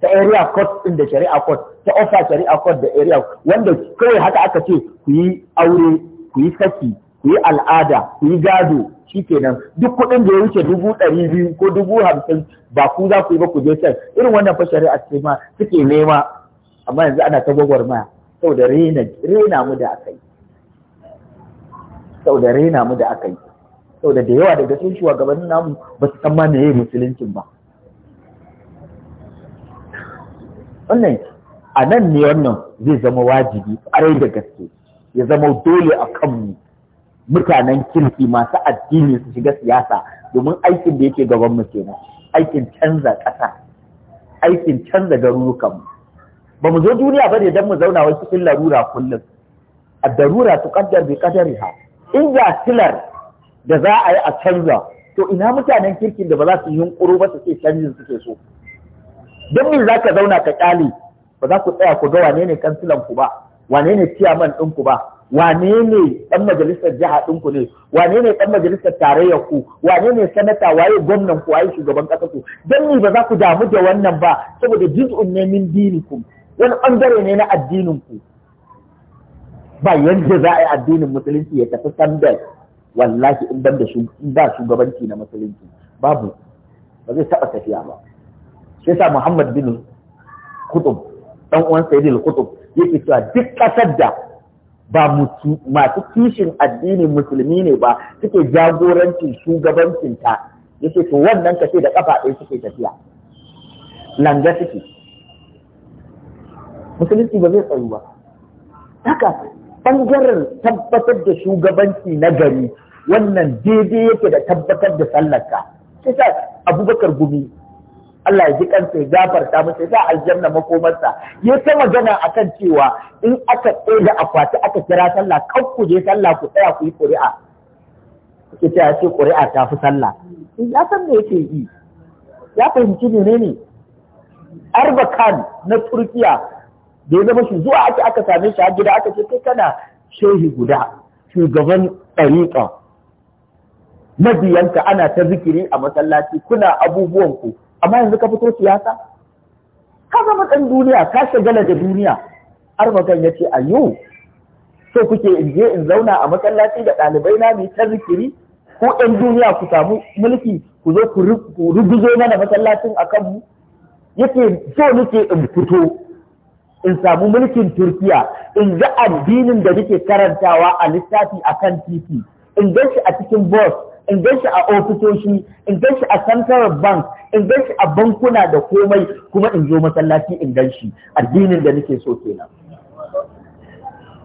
ta area court din da shari'a court ta offer shari'a court da area wanda kawai haka aka ce ku yi aure ku yi saki ku yi al'ada ku yi gado shi kenan duk kuɗin da ya wuce dubu ɗari biyu ko dubu hamsin ba ku za ku yi ba ku je can irin wannan fa shari'a ce ma suke nema amma yanzu ana ta gwagwarmaya saboda rena rena mu da aka yi saboda rena mu da aka yi saboda da yawa daga cikin shugabannin namu ba su san ma meye musulunci ba wannan a nan ne wannan zai zama wajibi ƙwarai da gaske ya zama dole a kanmu mutanen kirki masu addini su shiga siyasa domin aikin da yake gaban mu kenan aikin canza ƙasa aikin canza garurukanmu ba mu zo duniya ba ne don mu zauna wasu cikin larura kullum A addarura tu bai bi ha. in ga tilar da za a yi a canza to ina mutanen kirkin da ba za su yi hunkuru ba su ce canjin suke so don me za ka zauna ka kyale ba za ku tsaya ku ga wane ne kansilan ku ba wane ne ciyaman ɗinku ba wane ne ɗan majalisar jiha ɗinku ne wane ne ɗan majalisar tarayyar ku wane ne sanata waye gwamnan ku waye shugaban ƙasar ku don ni ba za ku damu da wannan ba saboda juz'un ne min dinikum wani ɓangare ne na addinin ku ba yadda za a yi addinin musulunci ya tafi sandal wallahi in ban da in ba shugabanci na musulunci babu ba zai taɓa tafiya ba shi yasa Muhammad bin Qutb dan uwan al Qutb yake cewa duk ƙasar da ba masu kishin addinin musulmi ne ba suke jagorancin shugabancin ta yake to wannan kace da kafa ɗaya suke tafiya langa suke musulunci ba zai tsayu ba haka ɓangaren tabbatar da shugabanci na gari wannan daidai yake da tabbatar da sallarka sai sa abubakar gumi Allah ya ji kansa ya gafarta masa ya sa aljanna makomarsa ya ta magana akan cewa in aka tsaye da akwati aka kira sallah kan ku je sallah ku tsaya ku yi ƙuri'a ke ta ce ƙuri'a ta fi sallah ya san me yake yi ya fahimci menene Arbakan na Turkiya da ya zama shi zuwa ake aka same shi a gida aka ce kai kana shehi guda shugaban ɗariƙa mabiyanka ana ta zikiri a masallaci kuna abubuwanku, amma yanzu ka fito siyasa ka zama ɗan duniya ka shagala da duniya armakan ya ce ayo so kuke in je in zauna a masallaci da ɗalibai na mai ta zikiri ko ɗan duniya ku samu mulki ku zo ku zo mana masallacin a kanmu yake so nake in fito in samu mulkin Turkiya in ga addinin da nake karantawa a littafi a kan titi in gan shi a cikin bus in gan shi a ofisoshi in gan shi a central bank in gan shi a bankuna da komai kuma in zo masallaci in gan shi addinin da nake so kenan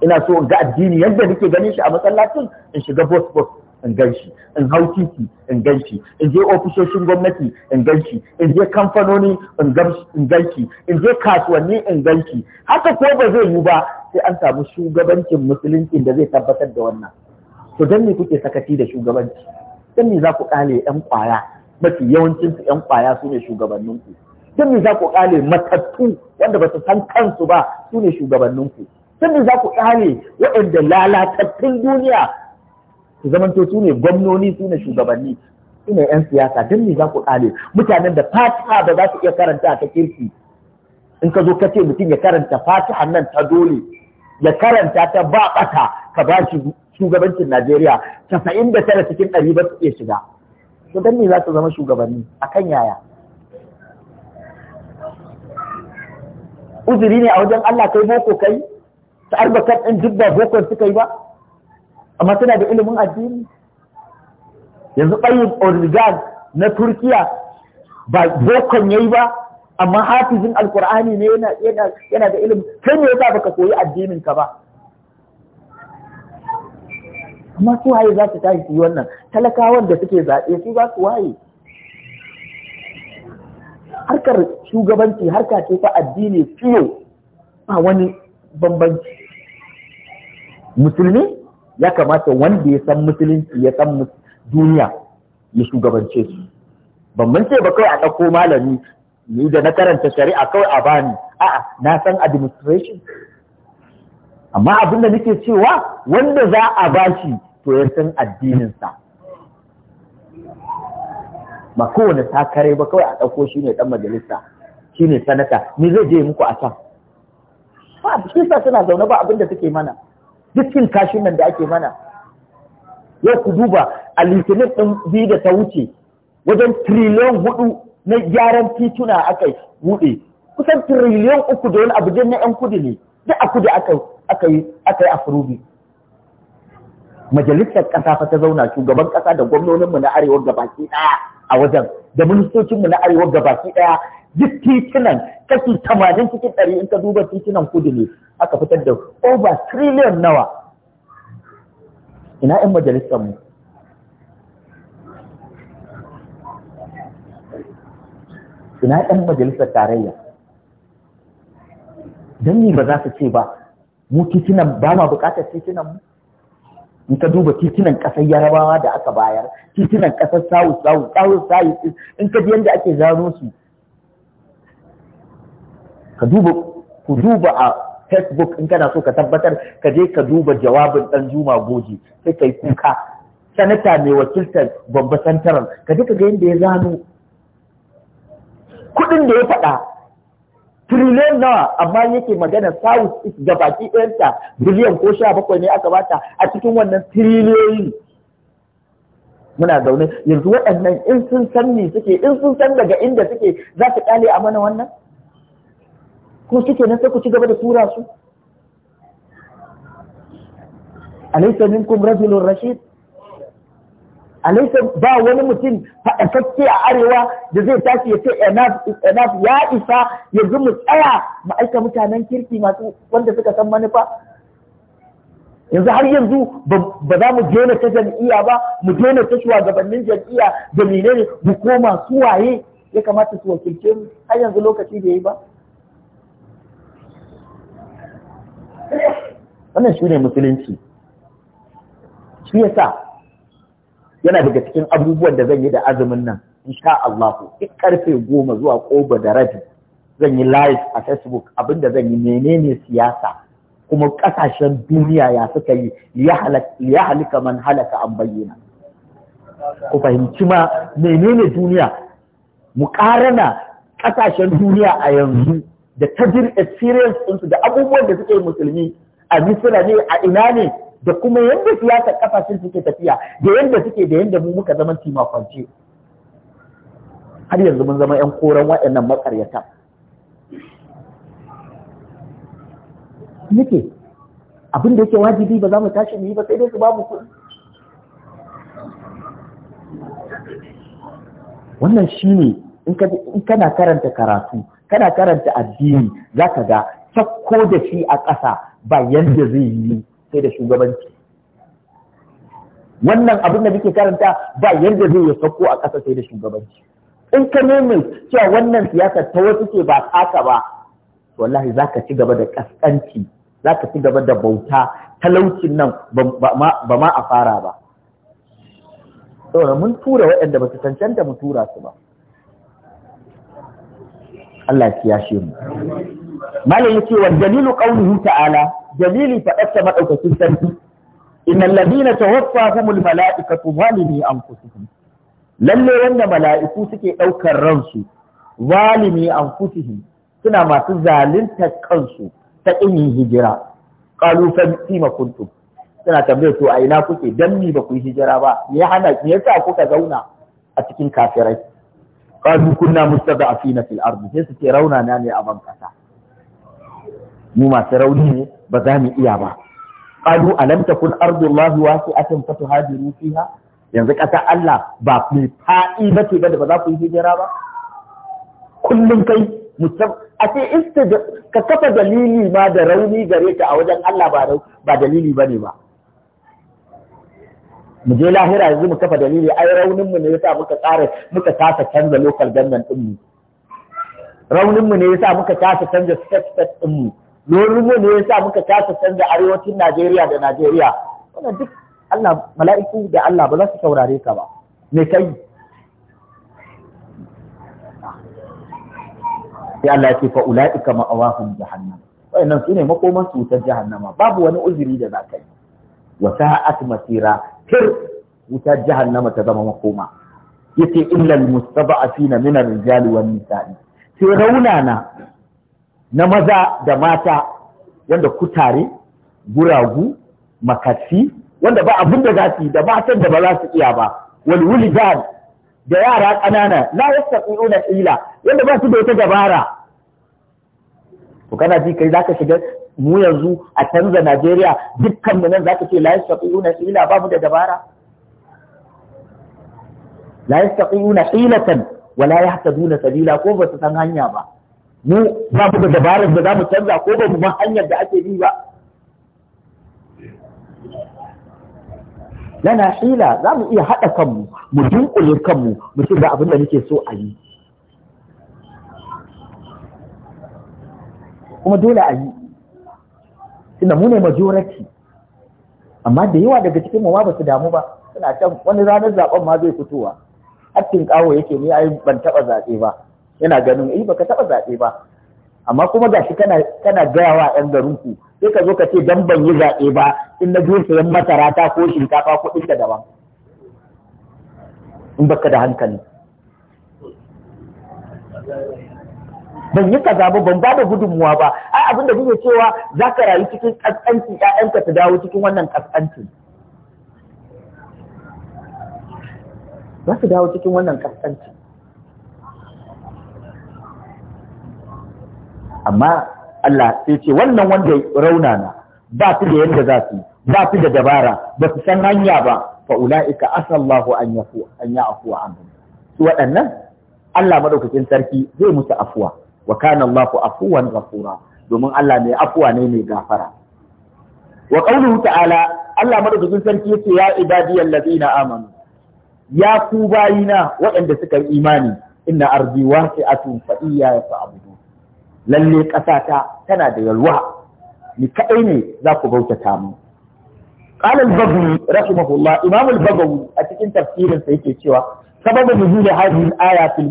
ina so in ga addini yadda nake ganin shi a masallacin in shiga bus bus in ganshi in hau titi in ganshi in je ofisoshin gwamnati in ganshi in je kamfanoni in ganshi in je kasuwanni in ganshi haka ko ba zai yi ba sai an samu shugabancin musulunci da zai tabbatar da wannan to dan me kuke sakaci da shugabanci dan me za ku kale yan kwaya mafi yawancin su yan kwaya su ne shugabannin ku dan me za ku kale matattu wanda ba su san kansu ba su ne shugabannin ku dan me za ku kale waɗanda lalatattun duniya su zamanto su ne gwamnoni su ne shugabanni su ne 'yan siyasa don ne za ku ƙale mutanen da fatiha ba za su iya karanta ta kirki in ka zo ka ce mutum ya karanta fatiha nan ta dole ya karanta ta ba ɓata ka ba shi shugabancin Najeriya casa'in da tara cikin ɗari ba su iya shiga to don ne za su zama shugabanni a kan yaya uzuri ne a wajen Allah kai boko kai ta arba kan ɗin duk boko bokon suka yi ba amma suna da ilimin addini yanzu ɓayin orligan na turkiya ba bokon yayi ba amma hafizin alkur'ani ne yana da ilimi kai ne yasa baka koyi addinin ka ba amma su haye za su tashi su yi wannan talakawan da suke zaɓe su za su waye harkar shugabanci harka ce ta addini fiye a wani bambanci musulmi ya kamata wanda ya san musulunci ya san duniya ya shugabance su ban mun ce ba kawai a ɗauko malami ni da na karanta shari'a kawai a bani a'a na san administration amma abin da nake cewa wanda za a bashi to ya san addininsa ba kowane sakarai ba kawai a ɗauko shi ne ɗan majalisa shi ne sanata ni zai je muku a can ba shi sa suna zaune ba abin da suke mana duk kashin nan da ake mana yau ku duba a litinin ɗin biyu da ta wuce wajen triliyon hudu na gyaran tituna aka buɗe kusan triliyon uku da wani abu na yan kudi ne da a kudi aka yi afurubi majalisar ƙasa fata zauna shugaban ƙasa da gwamnoninmu na arewa gabaki ɗaya a wajen da ministocinmu na arewa gabaki ɗaya duk titunan kashi tamanin cikin ɗari in ka duba titunan kudu ne aka fitar da over trillion nawa ina yan majalisar mu ina yan majalisar tarayya don ni ba za su ce ba mu titunan ba ma bukatar titunan mu in ka duba titunan kasar yarabawa da aka bayar titunan kasar sawu sawu sawu sawu in ka ji yadda ake gano su ka duba ku duba a facebook in kana so ka tabbatar ka je ka duba jawabin dan juma goji sai kai kuka sanata mai wakiltar babba santaran ka je ka ga yadda ya zano kudin da ya faɗa trillion nawa amma yake magana south east da baki ɗayanta biliyan ko sha bakwai ne aka bata a cikin wannan triliyoyin muna zaune yanzu waɗannan in sun san ni suke in sun san daga inda suke za su ƙale a mana wannan ko shi nan sai ku ci gaba da tura su alaysa minkum rajulun rashid alaysa ba wani mutum faɗafakke a arewa da zai tashi ya ce enough enough ya isa yanzu mu tsaya mu aika mutanen kirki masu wanda suka san manufa yanzu har yanzu ba za mu daina ta jam'iyya ba mu daina ta shugabannin jam'iyya da menene mu koma suwaye waye ya kamata su wakilce mu har yanzu lokaci da yi ba wannan shi ne musulunci shi yasa yana daga cikin abubuwan da zan yi da azumin nan sha Allah duk karfe goma zuwa koba da rabi zan yi live a facebook abinda zan yi menene siyasa kuma kasashen duniya ya suka yi ya halika man halaka an bayyana ku fahimci ma menene duniya mu karana ƙasashen duniya a yanzu da tajir experience ɗinsu da abubuwan da suke musulmi a misira ne a ina ne da kuma yadda siyasar kasashen suke tafiya da yadda suke da yadda mu muka zama timakwance har yanzu mun zama yan koran waɗannan makaryata nike abin da yake wajibi ba za mu tashi mu yi ba sai dai su babu kuɗi wannan shine in kana karanta karatu kana karanta addini za ka ga sakko da shi a ƙasa ba yadda zai yi sai da shugabanci wannan abin da muke karanta ba yadda zai yi sakko a ƙasa sai da shugabanci in ka nemi cewa wannan siyasar ta wasu ce ba taka ba wallahi za ka ci gaba da ƙasƙanci za ka ci gaba da bauta talaucin nan ba ma a fara ba saboda mun tura waɗanda ba su cancanta mu tura su ba Allah ya kiyashe mu malam yace wa dalilu qawlihi ta'ala dalili faɗarsa madaukakin sarki innal ladina tawaffahumul mala'ikatu zalimi anfusihim lalle wanda mala'iku suke ɗaukar ransu zalimi anfusihim suna masu zaluntar kansu ta yin hijira qalu fa fima kuntum suna tambaye to a ina kuke dan ni ba ku hijira ba me ya hana me yasa kuka zauna a cikin kafirai qalu kunna mustada'afina fil Ardu, sai su ce rauna na ne a ban kasa mu masu rauni ne ba za mu iya ba qalu alam takun ardullahi wasi'atan fatuhajiru fiha yanzu ƙasa Allah ba mai fa'i ba ce ba da ba za ku yi hijira ba kullum kai musab a ce ka kafa dalili ma da rauni gare ka a wajen Allah ba dalili ba ne ba mu je lahira yanzu mu kafa dalili ai raunin mu ne yasa muka tsara muka kasa canza local government din mu raunin mu ne yasa muka kasa canza state state din mu raunin mu ne yasa muka kasa canza arewacin Najeriya da Najeriya wannan duk Allah mala'iku da Allah ba za su saurare ka ba me kai Ya Allah ya ce fa ula'ika ma'awahum jahannam wayannan sune makoman su ta jahannama babu wani uzuri da za ka yi wa sa'at masira tir wuta jahannama ta zama makoma yace illal mustada'afina min ar-rijali wan nisa'i sai raunana na maza da mata wanda kutare guragu makasi wanda ba abun da za su yi da matan da ba za su iya ba wal wulidan da yara ƙanana la yastati'una ila wanda ba su da wata dabara to kana ji kai zaka shiga mu yanzu a canza Najeriya dukkan mu nan zaka ce la yastaqiyuna hila ba mu da dabara la yastaqiyuna hilatan wa la yahtaduna sabila ko ba su san hanya ba mu ba mu da dabarar da za mu canza ko ba mu ma hanyar da ake bi ba lana hila za mu iya haɗa kanmu mu dunkule kanmu mu ce ga abin da muke so a yi kuma dole a yi suna mu majority amma da yawa daga cikin mawa ba su damu ba suna can wani ranar zaben ma zai fitowa hakkin kawo yake ne ai ban taba zabe ba yana ganin eh baka taba zaɓe ba amma kuma gashi kana kana gaya wa yan garin ku sai ka zo ka ce dan ban yi zaɓe ba in na zo sayan masara ta ko shinkafa kuɗin da daban in baka da hankali ban yi kaza ba ban ba da gudunmuwa ba ai abin da kuke cewa za ka rayu cikin kaskanci ƴaƴanka ta dawo cikin wannan kaskanci za su dawo cikin wannan kaskanci amma Allah sai ce wannan wanda raunana ba su da yadda za su ba su da dabara ba su san hanya ba fa ula'ika asallahu an yafu an ya afuwa an su waɗannan Allah madaukakin sarki zai musu afuwa wa kana Allahu afuwan ghafura domin Allah ne afuwa ne mai gafara wa qawluhu ta'ala Allah madaukakin sarki yace ya ibadiyal ladina amanu ya ku bayina waɗanda suka yi imani inna ardi wasi'atun fa iyya fa'budu lalle ƙasata tana da yalwa ni kadai ne za ku bautata mu qala al-baghawi rahimahullah imam al a cikin tafsirin sa yake cewa saboda nuzul hadhihi aya fil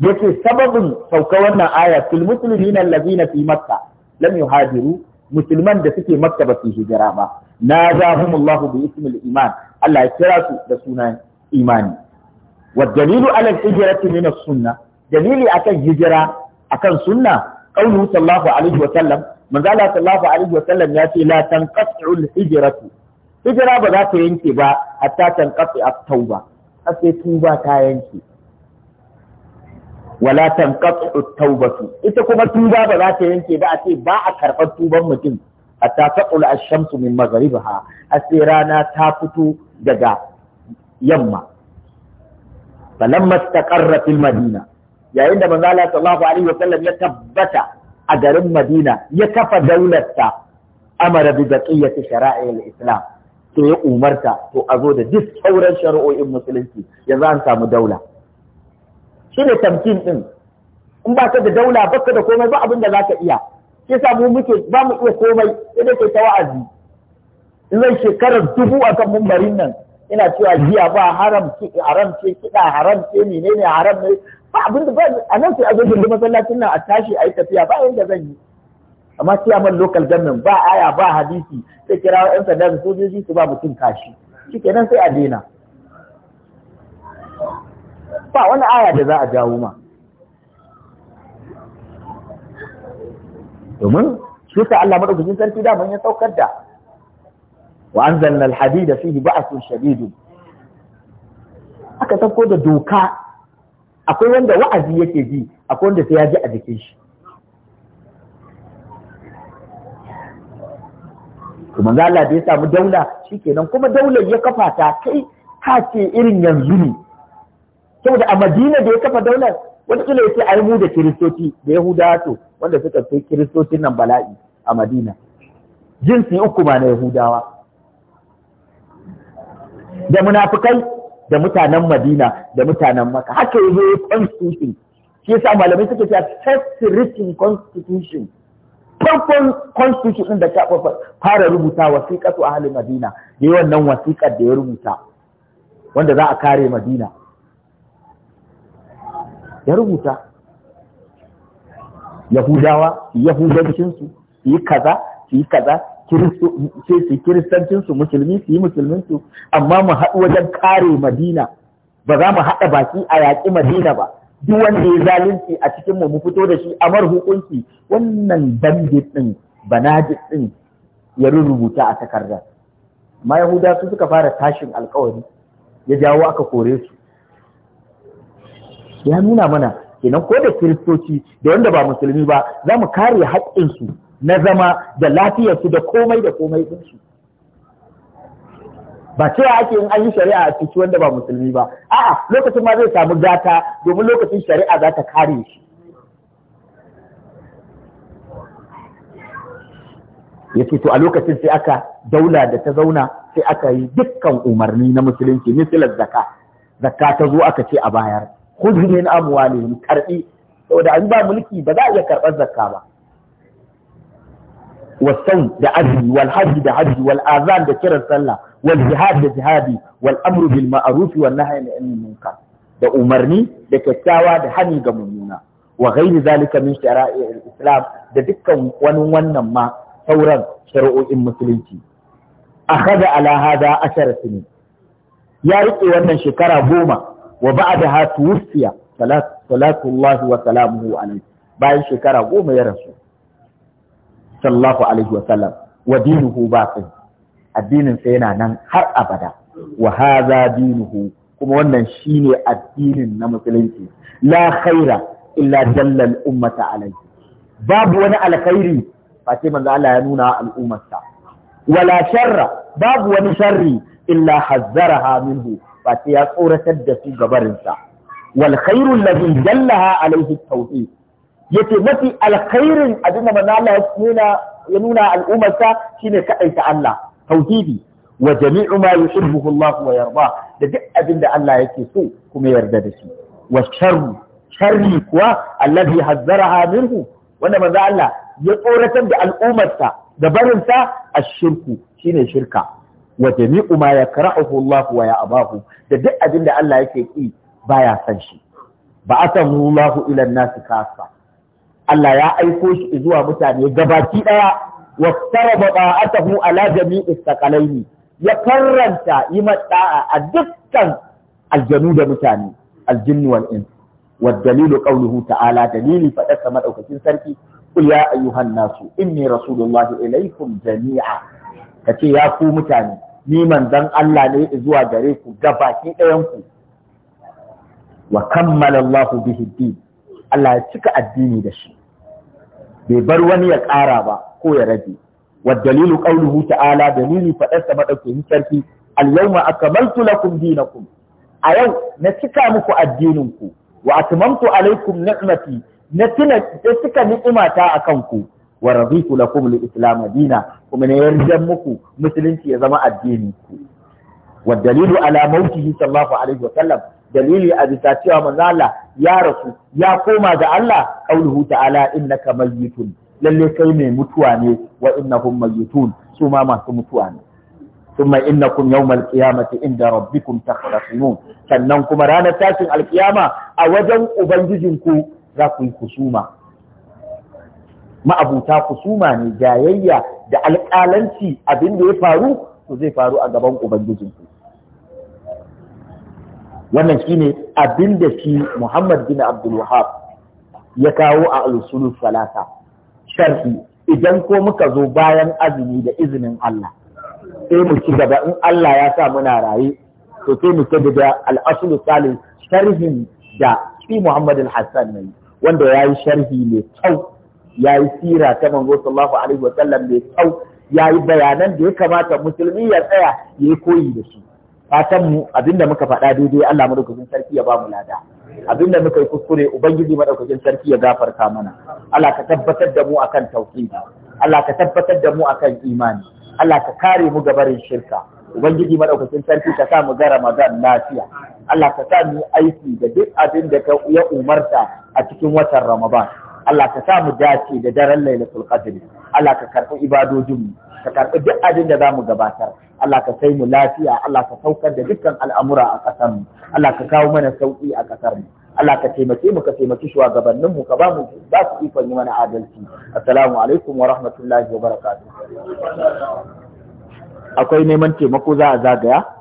Yake sababin sauka wannan aya fil muslimina allazina fi makka lam yuhajiru musulman da suke makka ba su hijira ba na zahumullahu bi ismil iman Allah ya kira su da sunan imani wa dalilu ala hijrati min sunna dalili akan hijira akan sunna qawlu sallallahu alaihi wa sallam manzo sallallahu alaihi wa sallam ya ce la tanqatu al hijratu hijira ba za ta yanke ba hatta tanqati at tauba sai tuba ta yanke wala tanqatu tawbatu ita kuma tuba ba za ta yanke ba a ce ba a karɓar tuban mutum hatta taqul ash-shamsu min maghribiha sai rana ta fito daga yamma falamma istaqarra fil madina yayin da manzo Allah sallallahu alaihi wasallam ya tabbata a garin Madina ya kafa daularta amara bi baqiyati shara'il islam to ya umarta to a zo da duk sauran shari'o'in musulunci yanzu an samu daula shi ne tamkin ɗin in ba ka da daula ba ka da komai ba abin da za ka iya shi sa mu muke ba mu iya komai sai dai ke ta wa'azi in zai shekarar dubu a kan mumbarin nan ina cewa jiya ba haram haram ce kiɗa haram ce menene haram ne ba abin da ba a nan sai a zo da masallacin nan a tashi a yi tafiya ba yanda zan yi amma sai a man local government ba aya ba hadisi sai kira 'yan sanda da sojoji su ba mutum kashi shikenan sai a daina ba wani aya da za a jawo ma domin shi ta Allah madaukakin sarki da mun ya saukar da wa fi ba a sun shadidun aka sauko da doka akwai wanda wa'azi yake ji akwai wanda sai ya ji a jikin shi kuma Allah da ya samu daula shi kenan kuma daular ya kafa ta kai ka irin yanzu ne saboda a madina da ya kafa daular kila ya ce ai mu da kiristoci da yahudawa to wanda suka fi kiristocin nan bala'i a madina jinsi uku ma na yahudawa da munafukai da mutanen madina da mutanen maka haka yi yi constitution shi yasa malamai suke cewa first written constitution farkon constitution din da ta fara rubuta wasiƙatu a halin madina da wannan wasiƙar da ya rubuta wanda za a kare madina ya rubuta yahudawa yahudancinsu su yi kaza su yi kaza su kiristancinsu musulmi su yi musulminsu amma mu haɗu wajen kare madina ba za mu haɗa baki a yaƙi madina ba duk wanda ya zalunci a cikin mu fito da shi amar hukunci wannan bandit ɗin banajit ɗin ya rubuta a takardar ma yahuda su suka fara tashin alkawari ya jawo aka kore su ya nuna mana kenan ko da kiristoci da wanda ba musulmi ba za mu kare haƙƙinsu na zama da lafiyarsu da komai da komai ɗinsu ba cewa ake yin an yi shari'a a ciki wanda ba musulmi ba a'a lokacin ma zai samu gata domin lokacin shari'a za ta kare shi Ya ce to a lokacin sai aka daula da ta zauna sai aka yi dukkan umarni na musulunci misalar zakka zakka ta zo aka ce a bayar khudh min amwalihim karbi saboda an ba mulki ba za a iya karɓar zakka ba والصوم da والحج بعزي والآذان da الصلاة والجهاد بجهادي والأمر بالمعروف والنهي عن المنكر da umarni da kyakkyawa da hani ga mummuna wa ghairi zalika min shara'i'il islam da dukkan wani wannan ma sauran shari'o'in musulunci akhadha alaha hada ashara sinin ya rike wannan shekara goma wa ba'daha tuwfiya salatullahi wa salamuhu alayhi bayan shekara goma ya rasu sallallahu alaihi wa sallam wa dinuhu baqi addinin sa yana nan har abada wa hadha dinuhu kuma wannan shine addinin na musulunci la khaira illa dalla al ummata alayhi babu wani alkhairi face manzo Allah ya nuna al'ummarsa wala sharra babu wani sharri illa hazzaraha minhu ba ya tsoratar da su gabarinsa wal khairul ladhi jallaha alaihi tawhid yace mafi alkhairin abinda manzo Allah ya nuna ya nuna al'ummarsa shine kadaita Allah tauhidi wa jami'u ma yuhibbuhu Allah wa yarda da duk abinda Allah yake so kuma yarda da shi wa sharru sharri kuwa alladhi hazzaraha minhu wanda manzo Allah ya tsoratar da al'ummarsa gabarinsa a ashirku shine shirka wa jami'u ma yakrahu Allah wa ya'bahu da duk abin da Allah yake ki baya san shi ba'athahu Allah ila an-nas kafa. Allah ya aiko shi zuwa mutane gabaki daya wa taraba ba'athahu ala jami'i ne. ya karranta yi mada'a a dukkan aljanu da mutane aljinnu wal ins ta'ala قوله تعالى دليل sarki. مدوكين سركي قل يا ايها الناس اني رسول الله اليكم جميعا kace ya ku mutane ni manzon Allah ne zuwa gare ku gabaki ɗayan ku wa kammala Allah bihi din Allah ya cika addini da shi bai bar wani ya ƙara ba ko ya rage wa dalilu qauluhu ta'ala dalili faɗarsa madaukakin sarki al-yawma akmaltu lakum dinakum a yau na cika muku addinin ku wa atmamtu alaikum ni'mati na suka ni'imata akan ku wa raditu lakum al-islam dina kuma ne yarda muku musulunci ya zama addini ku wa dalilu ala mautihi sallallahu alaihi wa sallam dalili a bisa cewa manzo Allah ya rasu ya koma ga Allah qauluhu ta'ala innaka mayyitun lalle kai mai mutuwa ne wa innahum mayyitun su ma masu mutuwa ne thumma innakum yawmal qiyamati inda rabbikum takhrasimun sannan kuma ranar tashin alkiyama a wajen ubangijinku za ku yi kusuma ma'abuta kusuma ne jayayya da alƙalanci abin da ya faru to zai faru a gaban ubangijinku wannan shine abin da shi Muhammad bin Abdul Wahab ya kawo a al-usulul salasa sharhi idan ko muka zo bayan azumi da izinin Allah sai mu ci gaba in Allah ya sa muna raye to sai mu ci da al-asul sharhin da shi Muhammad al-Hassan ne wanda yayi sharhi mai kyau ya yi sira ta manzo sallallahu alaihi wa sallam mai kyau ya yi bayanan da ya kamata musulmi ya tsaya ya yi koyi da su fatan mu abinda muka faɗa daidai Allah madaukakin sarki ya ba mu lada abinda muka yi kuskure ubangiji madaukakin sarki ya gafarta mana Allah ka tabbatar da mu akan tauhidi Allah ka tabbatar da mu akan imani Allah ka kare mu gabarin shirka ubangiji madaukakin sarki ka sa mu ga Ramadan lafiya Allah ka sa mu aiki da duk abin da ya umarta a cikin watan Ramadan Allah ka sa mu dace da daren lailatul qadri Allah ka karɓi ibadojin mu ka karɓi duk abin da zamu gabatar Allah ka sai mu lafiya Allah ka saukar da dukkan al'amura a ƙasar mu Allah ka kawo mana sauki a ƙasar mu Allah ka taimake mu ka taimaki shugabannin mu ka ba mu ba su ikon yi mana adalci assalamu alaikum wa rahmatullahi wa barakatuh akwai neman taimako za a zagaya